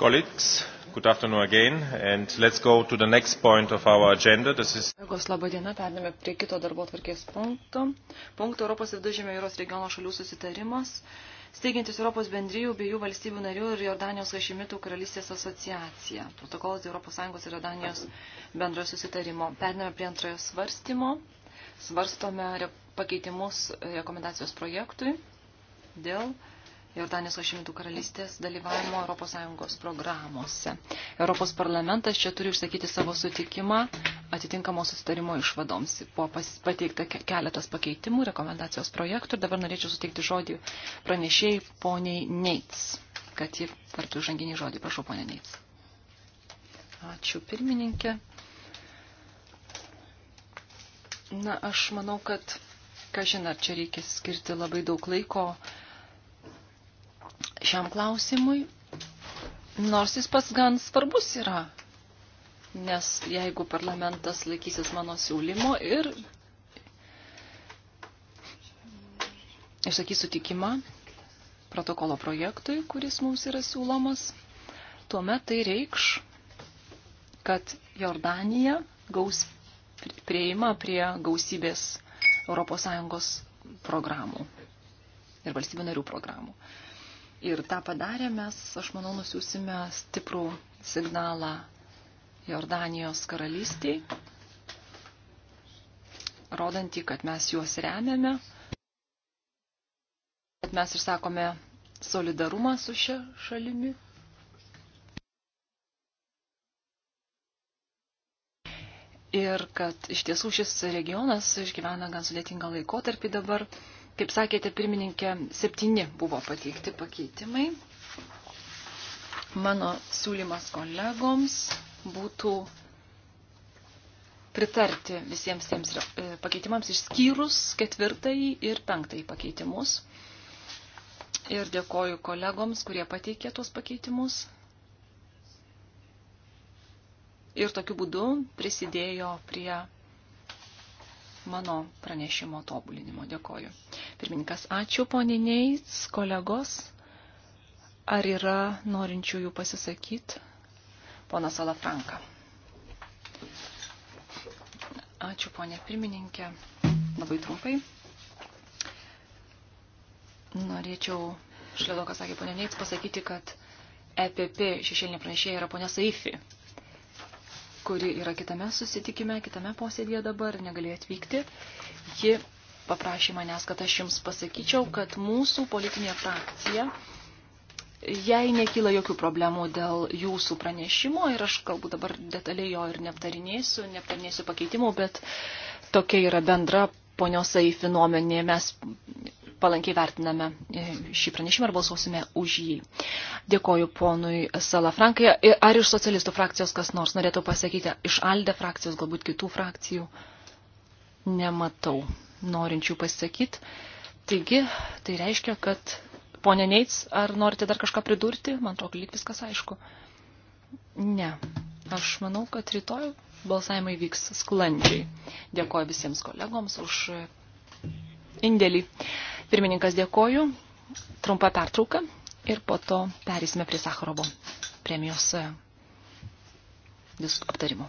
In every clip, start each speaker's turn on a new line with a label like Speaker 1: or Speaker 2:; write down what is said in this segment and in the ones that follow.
Speaker 1: Colleagues, good afternoon again, and let's go to the next point of our agenda. This is...
Speaker 2: Kolegos, laba diena, perdėme prie kito darbo tvarkės punkto. Punkto Europos viduržėmio jūros regiono šalių susitarimas, steigiantis Europos bendrijų bei jų valstybių narių ir Jordanijos Hašimitų karalystės asociacija. Protokolas Europos Sąjungos ir Jordanijos bendrojo susitarimo. Perdėme prie antrojo svarstymo. Svarstome pakeitimus rekomendacijos projektui dėl Jordanijos Vašimtų karalystės dalyvavimo ES programuose. Europos parlamentas čia turi išsakyti savo sutikimą atitinkamo susitarimo išvadoms. Buvo pateikta keletas pakeitimų, rekomendacijos projektų ir dabar norėčiau suteikti žodį pranešėjai poniai Neits, kad ji tartų žanginį žodį. Prašau, ponė Neits. Ačiū pirmininkė. Na, aš manau, kad, ką žinai, ar čia reikia skirti labai daug laiko šiam klausimui, nors jis pats gan svarbus yra, nes jeigu parlamentas laikysis mano siūlymo ir išsakys sutikimą protokolo projektui, kuris mums yra siūlomas, tuomet tai reikš, kad Jordanija gaus prieima prie gausybės ES programų ir valstybių narių programų. Ir tą padarę mes, aš manau, nusiusime stiprų signalą Jordanijos karalystiai, rodantį, kad mes juos remiame, kad mes išsakome solidarumą su šia šalimi. Ir kad iš tiesų šis regionas išgyvena gan sudėtingą laikotarpį dabar. Kaip sakėte, pirmininkė, septyni buvo pateikti pakeitimai. Mano siūlymas kolegoms būtų pritarti visiems tiems e, pakeitimams išskyrus ketvirtąjį ir penktąjį pakeitimus. Ir dėkoju kolegoms, kurie pateikė tuos pakeitimus. Ir tokiu būdu prisidėjo prie mano pranešimo tobulinimo. Dėkoju. Pirmininkas, ačiū poniniais, kolegos. Ar yra norinčiųjų pasisakyti? Pona Salafranka. Ačiū, ponė pirmininkė. Labai trumpai. Norėčiau, šliau, ką sakė ponė Neits, pasakyti, kad EPP šešėlinė pranešėja yra ponė Saifi kuri yra kitame susitikime, kitame posėdėje dabar, negalėjo atvykti. Ji paprašė manęs, kad aš jums pasakyčiau, kad mūsų politinė frakcija, jai nekyla jokių problemų dėl jūsų pranešimo ir aš galbūt dabar detaliai jo ir neaptarinėsiu, neaptarinėsiu pakeitimų, bet tokia yra bendra ponios Aifi nuomenė. Mes palankiai vertiname e, šį pranešimą ir balsuosime už jį. Dėkoju ponui Salafrankai. E, ar iš socialistų frakcijos kas nors norėtų pasakyti? Iš Alde frakcijos, galbūt kitų frakcijų? Nematau norinčių pasakyti. Taigi, tai reiškia, kad ponė Neits, ar norite dar kažką pridurti? Man atrodo, lyg viskas aišku. Ne. Aš manau, kad rytoj balsavimai vyks sklandžiai. Dėkoju visiems kolegoms už indėlį. Pirmininkas dėkoju, trumpa pertrauka ir po to perėsime prie Sakharovo premijos e, aptarimo.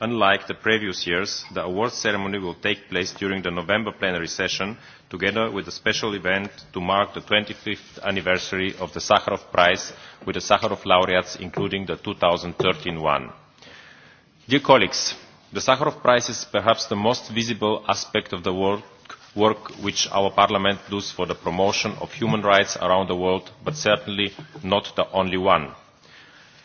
Speaker 1: unlike the previous years the awards ceremony will take place during the november plenary session together with a special event to mark the twenty fifth anniversary of the sakharov prize with the sakharov laureates including the two thousand and thirteen one. dear colleagues the sakharov prize is perhaps the most visible aspect of the work, work which our parliament does for the promotion of human rights around the world but certainly not the only one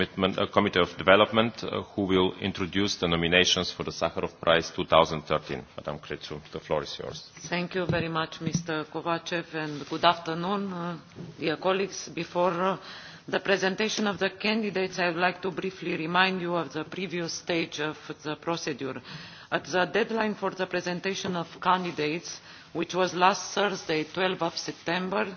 Speaker 1: uh, Committee of Development, uh, who will introduce the nominations for the Sakharov Prize 2013. Madam Kretsu, the floor is yours.
Speaker 3: Thank you very much, Mr. Kovachev, and good afternoon, uh, dear colleagues. Before uh, the presentation of the candidates, I would like to briefly remind you of the previous stage of the procedure. At the deadline for the presentation of candidates, which was last Thursday, 12 of September,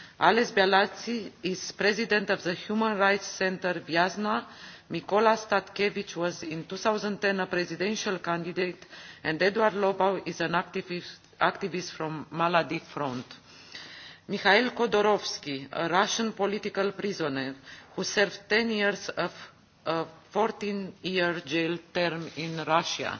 Speaker 3: ales bialatski is president of the human rights centre viasna mikola statkevich was in two thousand and ten a presidential candidate and eduard lobau is an activist, activist from maladi front. mikhail khodorkovsky a russian political prisoner who served ten years of a fourteen year jail term in russia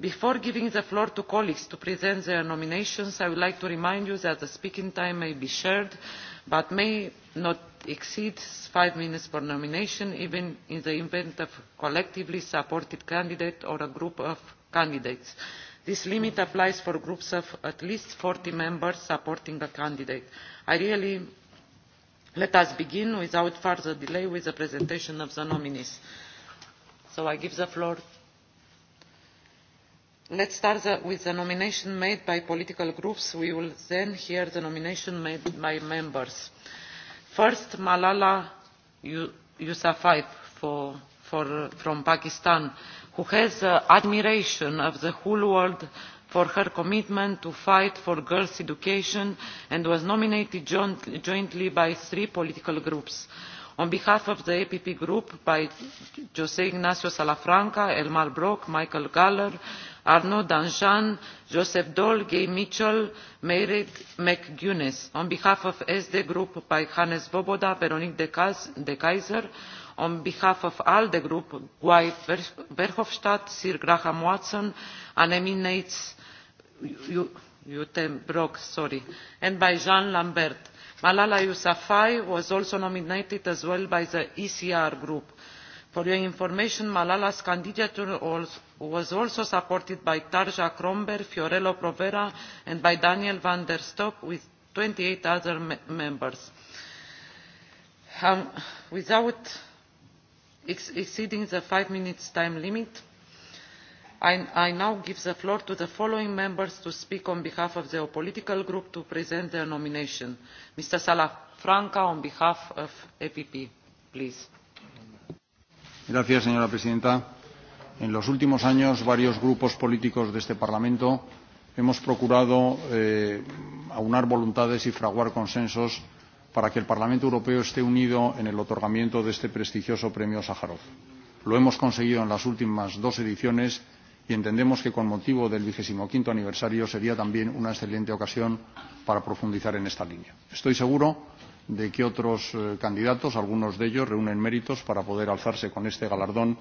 Speaker 3: before giving the floor to colleagues to present their nominations i would like to remind you that the speaking time may be shared but may not exceed five minutes per nomination even in the event of a collectively supported candidate or a group of candidates. this limit applies for groups of at least forty members supporting a candidate. Really, let us begin without further delay with the presentation of the nominees. so i give the floor let us start with the nominations made by political groups. we will then hear the nominations made by members. first malala yousafzai for, for, from pakistan who has uh, admiration of the whole world for her commitment to fight for girls' education and was nominated jointly by three political groups on behalf of the epp group by jos ignacio salafranca elmar brok michael gahler arnaud danjean joseph daul gay mitchell mairead mcguinness; on behalf of the sd group by hannes swoboda veronique de keyser; on behalf of the alde group guy verhofstadt sir graham watson annemie neitz jutta brok and by jean lambert. malala yousafzai was also nominated as well by the ecr group for your information malala's candidature was also supported by tarja kromberg fiorello provera and by daniel van der stoep with twenty eight other members. Um, without ex exceeding the five minutes time limit I, i now give the floor to the following members to speak on behalf of their political group to present their nomination mr salafranca on behalf of the epp please.
Speaker 4: Gracias, señora presidenta. En los últimos años, varios grupos políticos de este Parlamento hemos procurado eh, aunar voluntades y fraguar consensos para que el Parlamento Europeo esté unido en el otorgamiento de este prestigioso premio Sájarov. Lo hemos conseguido en las últimas dos ediciones y entendemos que con motivo del vigesimoquinto aniversario sería también una excelente ocasión para profundizar en esta línea. Estoy seguro de que otros eh, candidatos, algunos de ellos, reúnen méritos para poder alzarse con este galardón,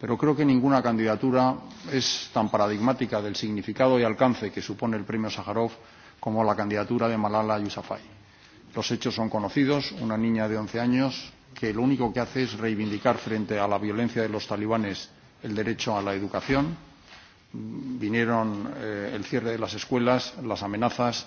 Speaker 4: pero creo que ninguna candidatura es tan paradigmática del significado y alcance que supone el premio Sájarov como la candidatura de Malala Yousafzai. Los hechos son conocidos, una niña de 11 años que lo único que hace es reivindicar frente a la violencia de los talibanes el derecho a la educación. Vinieron eh, el cierre de las escuelas, las amenazas,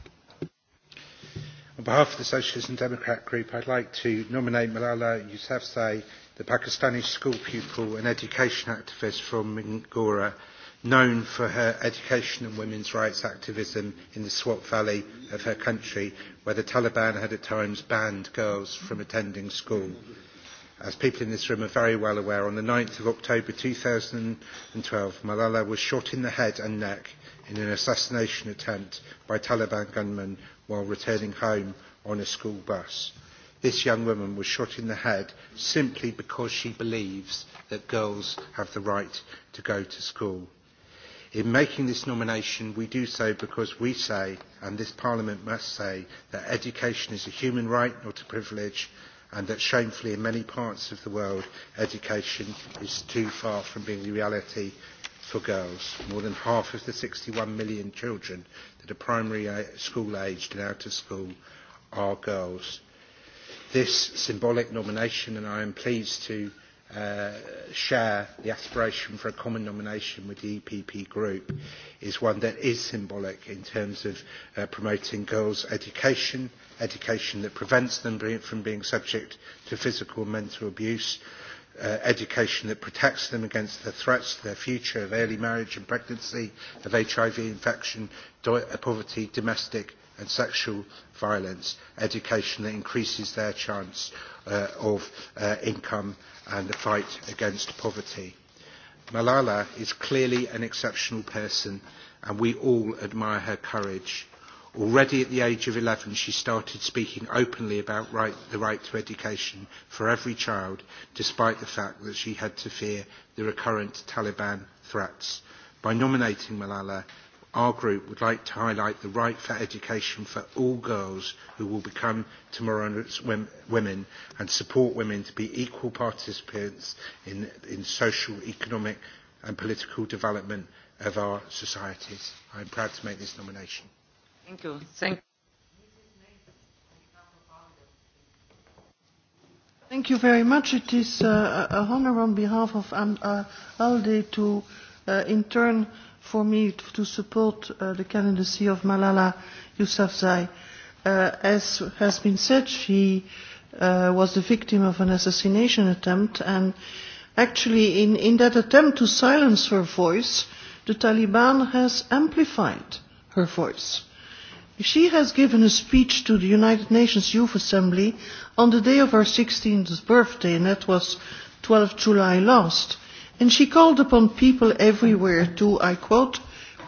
Speaker 5: On behalf of the Socialist and Democrat Group, I'd like to nominate Malala Yousafzai, the Pakistani school pupil and education activist from Mingora, known for her education and women's rights activism in the Swat Valley of her country, where the Taliban had at times banned girls from attending school. Mm-hmm as people in this room are very well aware, on the 9th of October 2012, Malala was shot in the head and neck in an assassination attempt by Taliban gunmen while returning home on a school bus. This young woman was shot in the head simply because she believes that girls have the right to go to school. In making this nomination, we do so because we say, and this Parliament must say, that education is a human right, not a privilege, and that shamefully in many parts of the world education is too far from being the reality for girls. More than half of the 61 million children that are primary school aged and out of school are girls. This symbolic nomination, and I am pleased to uh, share the aspiration for a common nomination with the EPP group is one that is symbolic in terms of uh, promoting girls' education, education that prevents them from being subject to physical and mental abuse, uh, education that protects them against the threats to their future of early marriage and pregnancy, of HIV infection, do- uh, poverty, domestic and sexual violence, education that increases their chance uh, of uh, income and the fight against poverty. Malala is clearly an exceptional person and we all admire her courage. Already at the age of 11, she started speaking openly about right, the right to education for every child, despite the fact that she had to fear the recurrent Taliban threats. By nominating Malala, our group would like to highlight the right for education for all girls who will become tomorrow's women and support women to be equal participants in, in social, economic and political development of our societies. I'm proud to make this nomination.
Speaker 3: Thank you. Thank
Speaker 6: Thank you very much. It is uh, a honor on behalf of um, uh, ALDE to uh, in turn uh, for me to, to support uh, the candidacy of Malala Yousafzai. Uh, as has been said, she uh, was the victim of an assassination attempt, and actually, in, in that attempt to silence her voice, the Taliban has amplified her voice. She has given a speech to the United Nations Youth Assembly on the day of her 16th birthday, and that was 12 July last and she called upon people everywhere to, I quote,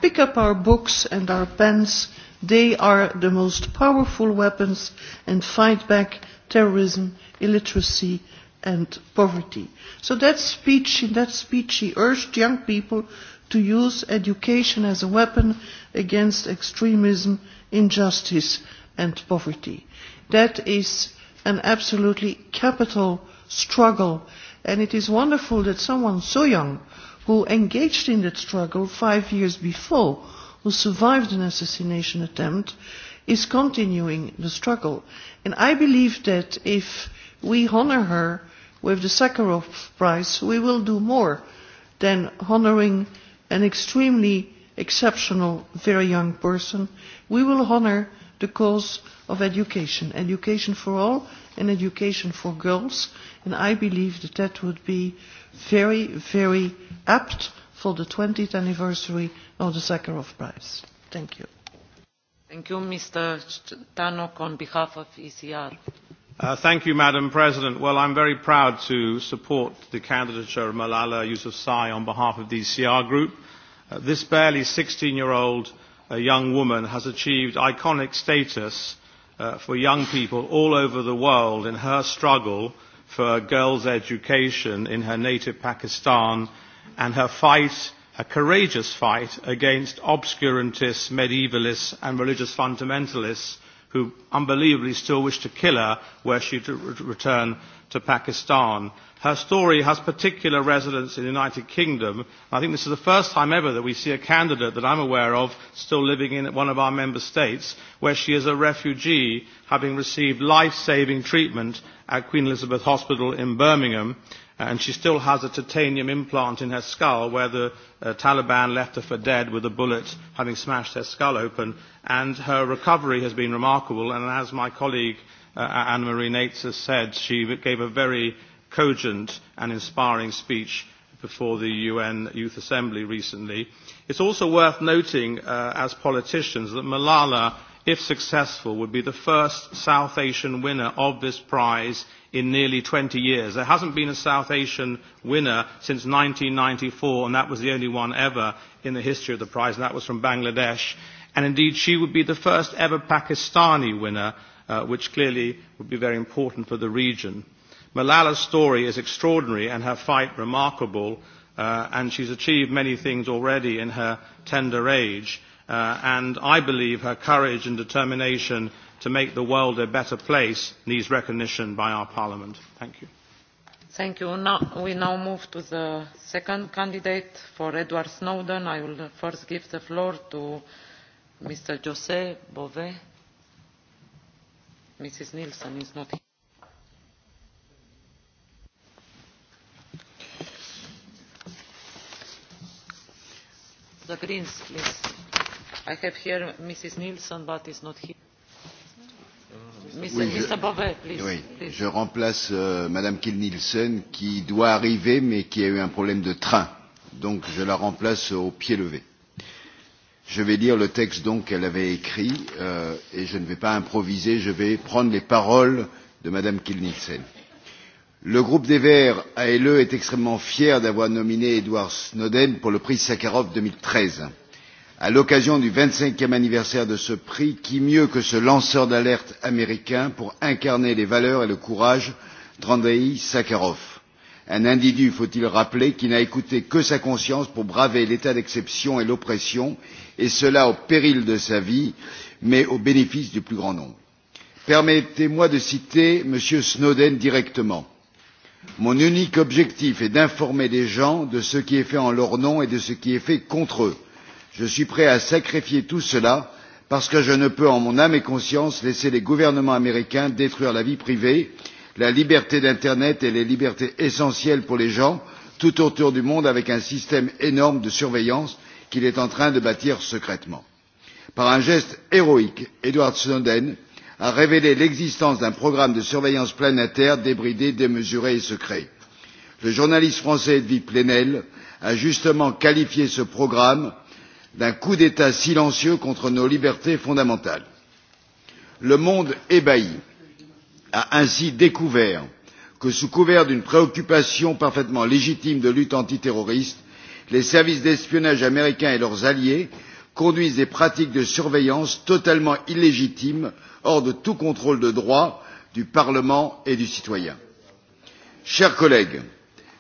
Speaker 6: pick up our books and our pens. They are the most powerful weapons and fight back terrorism, illiteracy, and poverty. So that speech, in that speech, she urged young people to use education as a weapon against extremism, injustice, and poverty. That is an absolutely capital struggle And it is wonderful that someone so young, who engaged in that struggle five years before, who survived an assassination attempt, is continuing the struggle. And I believe that if we honor her with the Sakharov Prize, we will do more than honoring an extremely exceptional, very young person. We will honor the cause of education, education for all and education for girls. And I believe that that would be very, very apt for the 20th anniversary of the Sakharov Prize. Thank you.
Speaker 3: Thank you, Mr. Tannock, on behalf of ECR.
Speaker 7: Uh, thank you, Madam President. Well, I'm very proud to support the candidature of Malala Yousafzai on behalf of the ECR group. Uh, this barely 16-year-old uh, young woman has achieved iconic status uh, uh, for young people all over the world in her struggle for a girls' education in her native Pakistan and her fight, a courageous fight, against obscurantists, medievalists and religious fundamentalists who unbelievably still wish to kill her were she to re- return to Pakistan. Her story has particular resonance in the United Kingdom. I think this is the first time ever that we see a candidate that I'm aware of still living in one of our member states, where she is a refugee having received life-saving treatment at Queen Elizabeth Hospital in Birmingham Uh, and she still has a titanium implant in her skull where the uh, Taliban left her for dead with a bullet having smashed her skull open. And her recovery has been remarkable, and as my colleague uh, Anne Marie Nates has said, she gave a very cogent and inspiring speech before the UN Youth Assembly recently. It's also worth noting, uh, as politicians, that Malala, if successful, would be the first South Asian winner of this prize in nearly 20 years. There hasn't been a South Asian winner since 1994, and that was the only one ever in the history of the prize, and that was from Bangladesh. And indeed, she would be the first ever Pakistani winner, uh, which clearly would be very important for the region. Malala's story is extraordinary and her fight remarkable, uh, and she's achieved many things already in her tender age Uh, and I believe her courage and determination to make the world a better place needs recognition by our Parliament. Thank you.
Speaker 3: Thank you. Now, we now move to the second candidate for Edward Snowden. I will first give the floor to Mr. Jose Bove. Mrs. Nielsen is not here. The Greens, please. I have here Mrs. Nielsen, but is not here.
Speaker 8: Mr. Oui, Mr. Je, Bovet, please, oui, please.
Speaker 9: je remplace euh, Madame Kiel Nielsen qui doit arriver mais qui a eu un problème de train. Donc je la remplace au pied levé. Je vais lire le texte donc qu'elle avait écrit euh, et je ne vais pas improviser, je vais prendre les paroles de Madame Kiel Nielsen. Le groupe des Verts ALE est extrêmement fier d'avoir nominé Edward Snowden pour le prix Sakharov 2013 à l'occasion du vingt cinquième anniversaire de ce prix qui mieux que ce lanceur d'alerte américain pour incarner les valeurs et le courage d'andreï sakharov un individu faut il le rappeler qui n'a écouté que sa conscience pour braver l'état d'exception et l'oppression et cela au péril de sa vie mais au bénéfice du plus grand nombre. permettez moi de citer m. snowden directement mon unique objectif est d'informer les gens de ce qui est fait en leur nom et de ce qui est fait contre eux je suis prêt à sacrifier tout cela parce que je ne peux en mon âme et conscience laisser les gouvernements américains détruire la vie privée la liberté d'internet et les libertés essentielles pour les gens tout autour du monde avec un système énorme de surveillance qu'il est en train de bâtir secrètement. par un geste héroïque edward snowden a révélé l'existence d'un programme de surveillance planétaire débridé démesuré et secret. le journaliste français hedwig plenel a justement qualifié ce programme d'un coup d'état silencieux contre nos libertés fondamentales. le monde ébahi a ainsi découvert que sous couvert d'une préoccupation parfaitement légitime de lutte antiterroriste les services d'espionnage américains et leurs alliés conduisent des pratiques de surveillance totalement illégitimes hors de tout contrôle de droit du parlement et du citoyen. chers collègues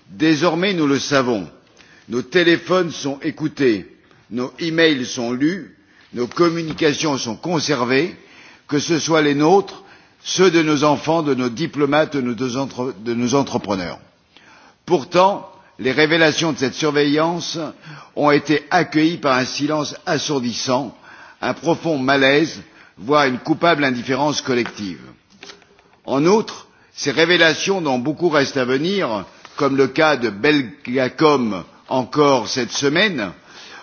Speaker 9: désormais nous le savons nos téléphones sont écoutés nos emails sont lus, nos communications sont conservées, que ce soit les nôtres, ceux de nos enfants, de nos diplomates, de nos, entre, de nos entrepreneurs. Pourtant, les révélations de cette surveillance ont été accueillies par un silence assourdissant, un profond malaise, voire une coupable indifférence collective. En outre, ces révélations dont beaucoup reste à venir, comme le cas de Belgacom encore cette semaine,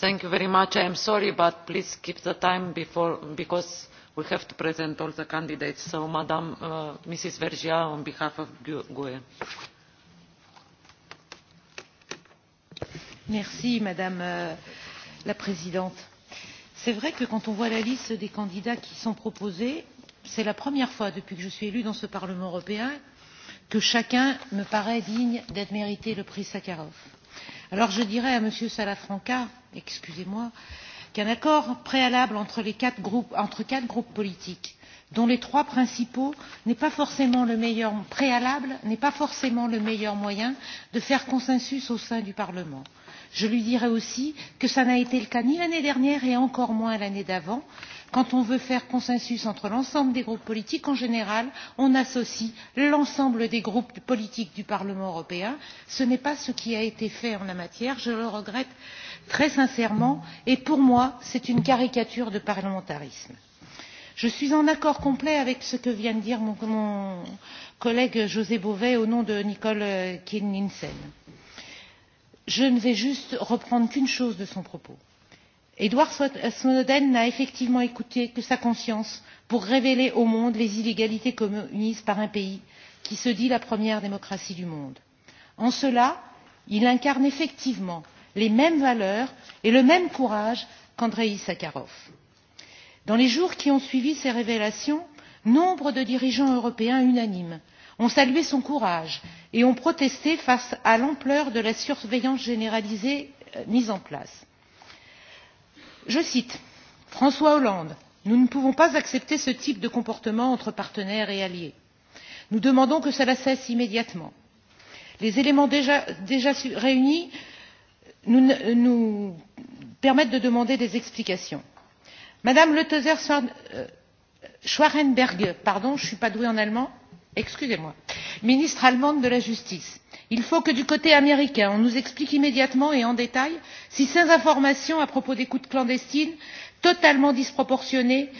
Speaker 3: thank you very much. i am sorry but please keep the time before, because we have to present all the candidates. so madam uh, mrs vergiat on behalf of gue.
Speaker 10: Merci, madame euh, la présidente c'est vrai que quand on voit la liste des candidats qui sont proposés c'est la première fois depuis que je suis élue dans ce parlement européen que chacun me paraît digne d'être mérité le prix sakharov alors je dirais à m. salafranca excusez moi qu'un accord préalable entre quatre groupes, entre quatre groupes politiques dont les trois principaux n'est pas forcément le meilleur préalable n'est pas forcément le meilleur moyen de faire consensus au sein du parlement. je lui dirais aussi que ça n'a été le cas ni l'année dernière et encore moins l'année d'avant quand quand on veut faire consensus entre l'ensemble des groupes politiques en général on associe l'ensemble des groupes politiques du parlement européen. ce n'est pas ce qui a été fait en la matière je le regrette très sincèrement et pour moi c'est une caricature de parlementarisme. je suis en accord complet avec ce que vient de dire mon, mon collègue josé bové au nom de nicole euh, kyenin nielsen. je ne vais juste reprendre qu'une chose de son propos edward euh, snowden n'a effectivement écouté que sa conscience pour révéler au monde les illégalités commises par un pays qui se dit la première démocratie du monde. en cela il incarne effectivement les mêmes valeurs et le même courage qu'andreï sakharov. dans les jours qui ont suivi ces révélations nombre de dirigeants européens unanimes ont salué son courage et ont protesté face à l'ampleur de la surveillance généralisée euh, mise en place je cite françois hollande nous ne pouvons pas accepter ce type de comportement entre partenaires et alliés. nous demandons que cela cesse immédiatement. les éléments déjà réunis nous permettent de demander des explications. madame lutheuser schwarzenberg euh, je ne suis pas douée en allemand excusez moi ministre allemande de la justice il faut que du côté américain on nous explique immédiatement et en détail si ces informations à propos d'écoutes clandestines totalement disproportionnées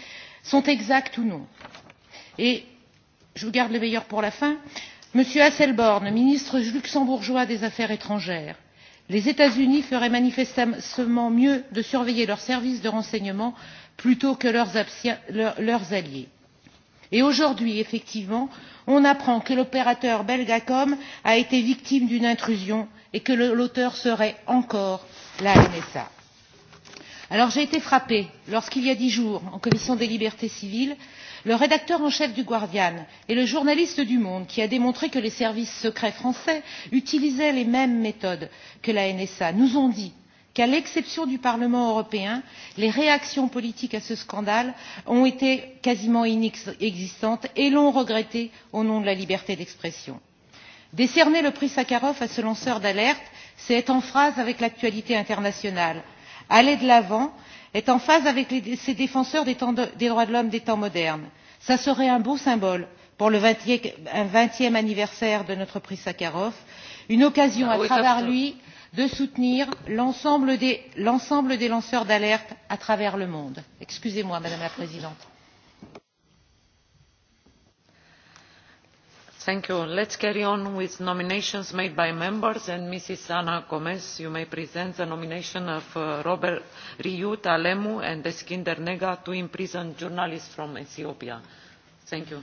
Speaker 10: sont exactes ou non. et je garde le meilleur pour la fin m. hasselborn ministre luxembourgeois des affaires étrangères les états unis feraient manifestement mieux de surveiller leurs services de renseignement plutôt que leurs alliés. et aujourd'hui effectivement on apprend que l'opérateur belgacom a été victime d'une intrusion et que l'auteur serait encore la nsa. j'ai été frappée lorsqu'il y a dix jours en commission des libertés civiles le rédacteur en chef du guardian et le journaliste du monde qui a démontré que les services secrets français utilisaient les mêmes méthodes que la nsa nous ont dit qu'à l'exception du parlement européen les réactions politiques à ce scandale ont été quasiment inexistantes et l'ont regretté au nom de la liberté d'expression. décerner le prix sakharov à ce lanceur d'alerte c'est être en phase avec l'actualité internationale aller de l'avant être en phase avec ces défenseurs des, de, des droits de l'homme des temps modernes. ce serait un beau symbole pour le vingtième anniversaire de notre prix sakharov une occasion ah à travers lui de soutenir l'ensemble des, des lanceurs d'alerte à travers le monde. excusez moi madame la présidente.
Speaker 3: Thank you. Let's carry on with nominations made by members. And Mrs. Ana Gomez, you may present the nomination of uh, Robert Riu Talemu and Eskinder Nega, two imprisoned journalists from Ethiopia. Thank you.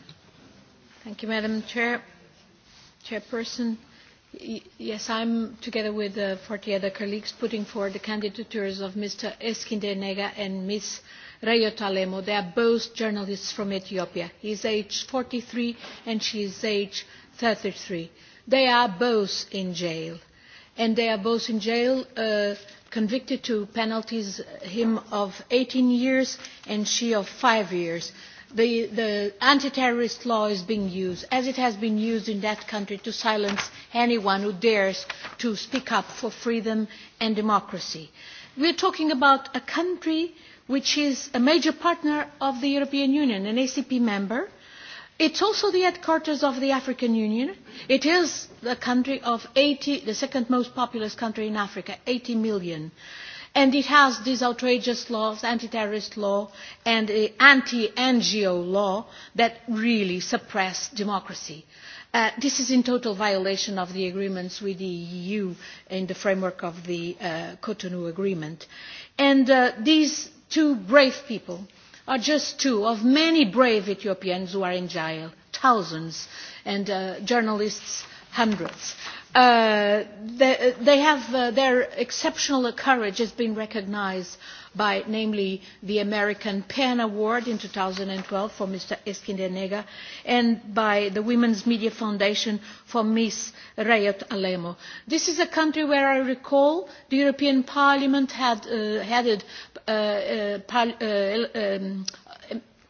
Speaker 11: Thank you, Madam Chair. Chairperson. Yes, I'm, together with uh, 40 other colleagues, putting forward the candidatures of Mr. Eskinde Nega and Ms. Rayo Talemo. They are both journalists from Ethiopia. He is age 43 and she is age 33. They are both in jail. And they are both in jail, uh, convicted to penalties, uh, him of 18 years and she of 5 years the, the anti-terrorist law is being used, as it has been used in that country, to silence anyone who dares to speak up for freedom and democracy. We're talking about a country which is a major partner of the European Union, an ACP member. It's also the headquarters of the African Union. It is the country of 80, the second most populous country in Africa, 80 million. Uh, And it has these outrageous laws, anti-terrorist law and uh, anti-NGO law that really suppress democracy. Uh, this is in total violation of the agreements with the EU in the framework of the uh, Cotonou Agreement. And uh, these two brave people are just two of many brave Ethiopians who are in jail, thousands, and uh, journalists hundreds. Uh, they, they have, uh, their exceptional courage has been recognized by namely the American PEN Award in 2012 for Mr. Esquindenega and by the Women's Media Foundation for Ms. Rayot Alemo. This is a country where I recall the European Parliament had uh, headed uh, uh, par- uh, um,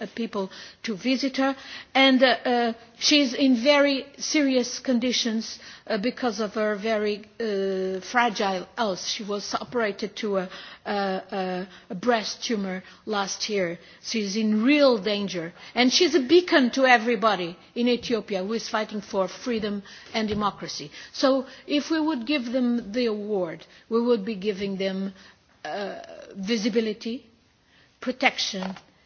Speaker 11: Uh, people to visit her. And uh, uh, she's in very serious conditions uh, because of her very uh, fragile health. She was operated to a, a, a breast tumor last year. She's in real danger. And she's a beacon to everybody in Ethiopia who is fighting for freedom and democracy. So if we would give them the award, we would be giving them uh, visibility, protection,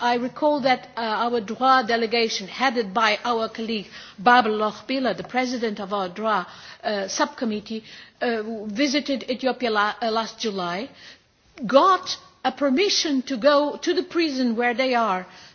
Speaker 11: I recall that uh, our DROA delegation, headed by our colleague Babel Lochbihler, the president of our DROA uh, subcommittee, uh, visited Ethiopia la uh, last July, got a permission to go to the prison where they are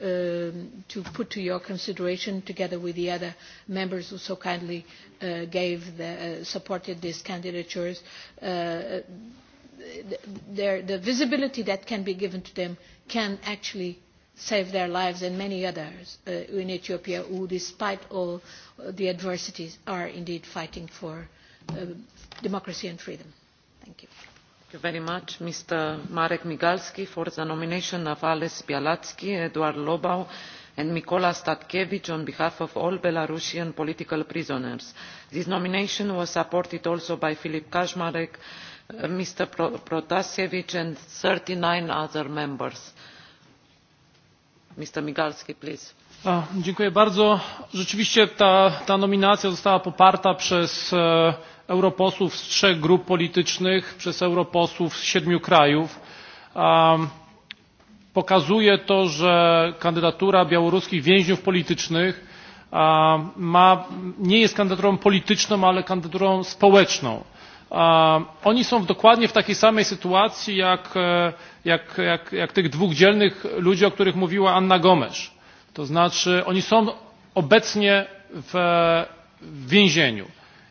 Speaker 11: um, to put to your consideration together with the other members who so kindly uh, gave the, uh, supported these candidatures. Uh, their, the visibility that can be given to them can actually save their lives and many others uh, in Ethiopia who, despite all the adversities, are indeed fighting for uh, democracy and freedom. Thank
Speaker 3: you. Thank you very much, Mr. Marek Migalski, for the nomination of Ales Bialatsky, Eduard Lobau, and Mikola Statkevich on behalf of all Belarusian political prisoners. This nomination was supported also by Filip Kaczmarek, uh, Mr. Protasevich, and 39 other members. Mr. Migalski, please.
Speaker 12: A, dziękuję bardzo. Rzeczywiście ta, ta nominacja została poparta przez e, europosłów z trzech grup politycznych przez europosłów z siedmiu krajów pokazuje to że kandydatura białoruskich więźniów politycznych ma, nie jest kandydaturą polityczną ale kandydaturą społeczną. oni są dokładnie w takiej samej sytuacji jak, e, jak, jak, jak tych dwóch dzielnych ludzi o których mówiła anna gomes to znaczy oni są obecnie w, w więzieniu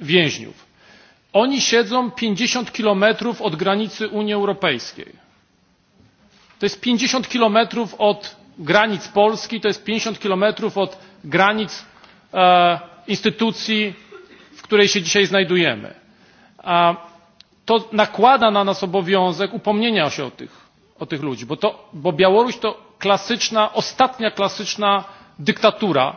Speaker 12: więźniów. oni siedzą pięćdziesiąt kilometrów od granicy unii europejskiej to jest pięćdziesiąt kilometrów od granic polski to jest pięćdziesiąt kilometrów od granic e, instytucji w której się dzisiaj znajdujemy. E, to nakłada na nas obowiązek upomnienia się o tych, o tych ludzi bo, to, bo białoruś to klasyczna ostatnia klasyczna dyktatura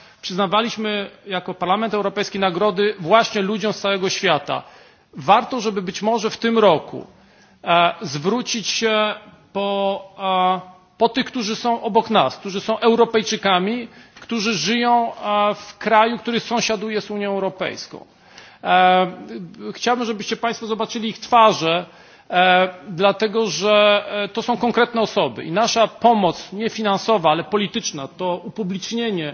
Speaker 12: przyznawaliśmy jako parlament europejski nagrody właśnie ludziom z całego świata. warto żeby być może w tym roku e, zwrócić się po, e, po tych którzy są obok nas którzy są europejczykami którzy żyją e, w kraju który sąsiaduje z unią europejską. chciałbym żebyście państwo zobaczyli ich twarze dlatego że to są konkretne osoby i nasza pomoc nie finansowa ale polityczna to upublicznienie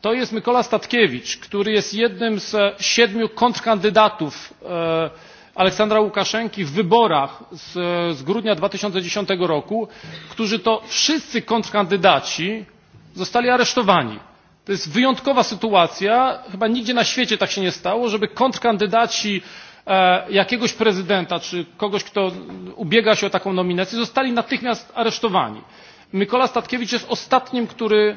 Speaker 12: to jest Mykola Statkiewicz, który jest jednym z e, siedmiu kontrkandydatów e, Aleksandra Łukaszenki w wyborach z, e, z grudnia 2010 roku, którzy to wszyscy kontrkandydaci zostali aresztowani. To jest wyjątkowa sytuacja, chyba nigdzie na świecie tak się nie stało, żeby kontrkandydaci jakiegoś prezydenta czy kogoś, kto ubiega się o taką nominację, zostali natychmiast aresztowani. Mykola Statkiewicz jest ostatnim, który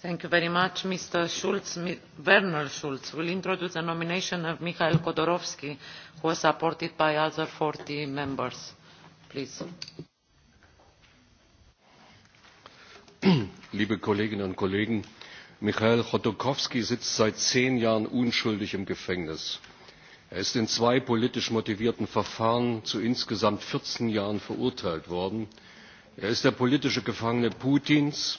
Speaker 3: Thank you very much. Mr. Schulz, Werner Schulz will introduce the nomination of Mikhail Khodorkovsky, who was supported by other 40 members. Please.
Speaker 13: Liebe Kolleginnen und Kollegen, Michail Chodorkowski sitzt seit zehn Jahren unschuldig im Gefängnis. Er ist in zwei politisch motivierten Verfahren zu insgesamt 14 Jahren verurteilt worden. Er ist der politische Gefangene Putins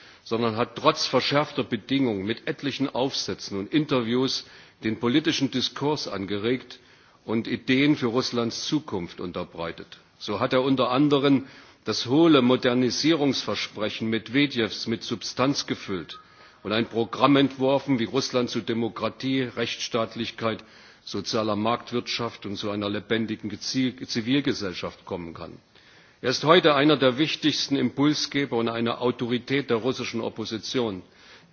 Speaker 13: sondern hat trotz verschärfter bedingungen mit etlichen aufsätzen und interviews den politischen diskurs angeregt und ideen für russlands zukunft unterbreitet. so hat er unter anderem das hohle modernisierungsversprechen medwedews mit substanz gefüllt und ein programm entworfen wie russland zu demokratie rechtsstaatlichkeit sozialer marktwirtschaft und zu einer lebendigen zivilgesellschaft kommen kann er ist heute einer der wichtigsten impulsgeber und eine autorität der russischen opposition.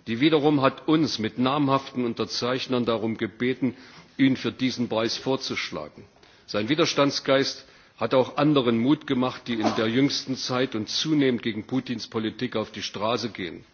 Speaker 13: die wiederum hat uns mit namhaften unterzeichnern darum gebeten ihn für diesen preis vorzuschlagen. sein widerstandsgeist hat auch anderen mut gemacht die in der jüngsten zeit und zunehmend gegen putins politik auf die straße gehen.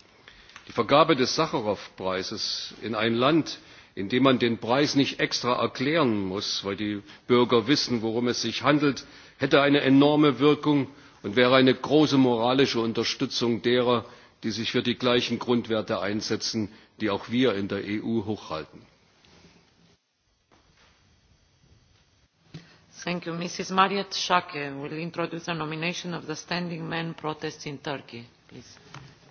Speaker 13: die vergabe des sacharow preises in ein land in dem man den preis nicht extra erklären muss weil die bürger wissen worum es sich handelt hätte eine enorme wirkung und wäre eine große moralische unterstützung derer die sich für die gleichen grundwerte einsetzen die auch wir in der eu hochhalten.
Speaker 3: Thank you. Mrs. Mariet Shake will introduce a nomination of the standing men protest in Turkey, please.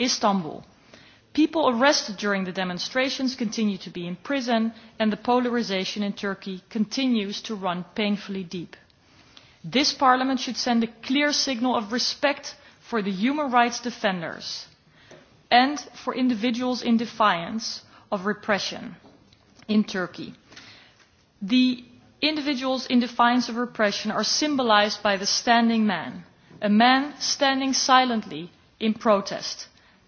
Speaker 14: Istanbul. People arrested during the demonstrations continue to be in prison and the polarization in Turkey continues to run painfully deep. This parliament should send a clear signal of respect for the human rights defenders and for individuals in defiance of repression in Turkey. The individuals in defiance of repression are symbolized by the standing man, a man standing silently in protest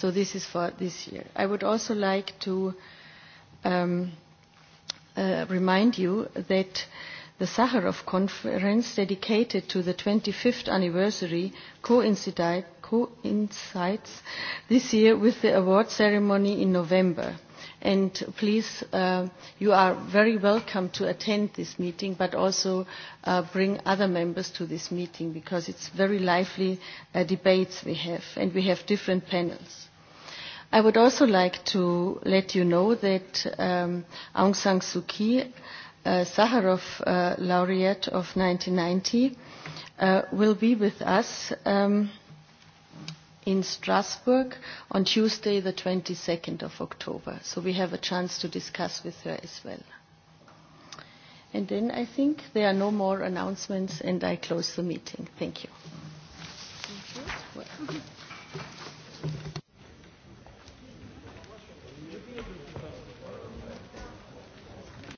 Speaker 15: So this is for this year. I would also like to um, uh, remind you that the Sakharov conference dedicated to the 25th anniversary coincided, coincides this year with the award ceremony in November. And please, uh, you are very welcome to attend this meeting, but also uh, bring other members to this meeting because it's very lively uh, debates we have, and we have different panels. I would also like to let you know that um, Aung San Suu Kyi, uh, Sakharov uh, laureate of 1990, uh, will be with us um, in Strasbourg on Tuesday, the 22nd of October. So we have a chance to discuss with her as well. And then I think there are no more announcements, and I close the meeting. Thank you. Thank you.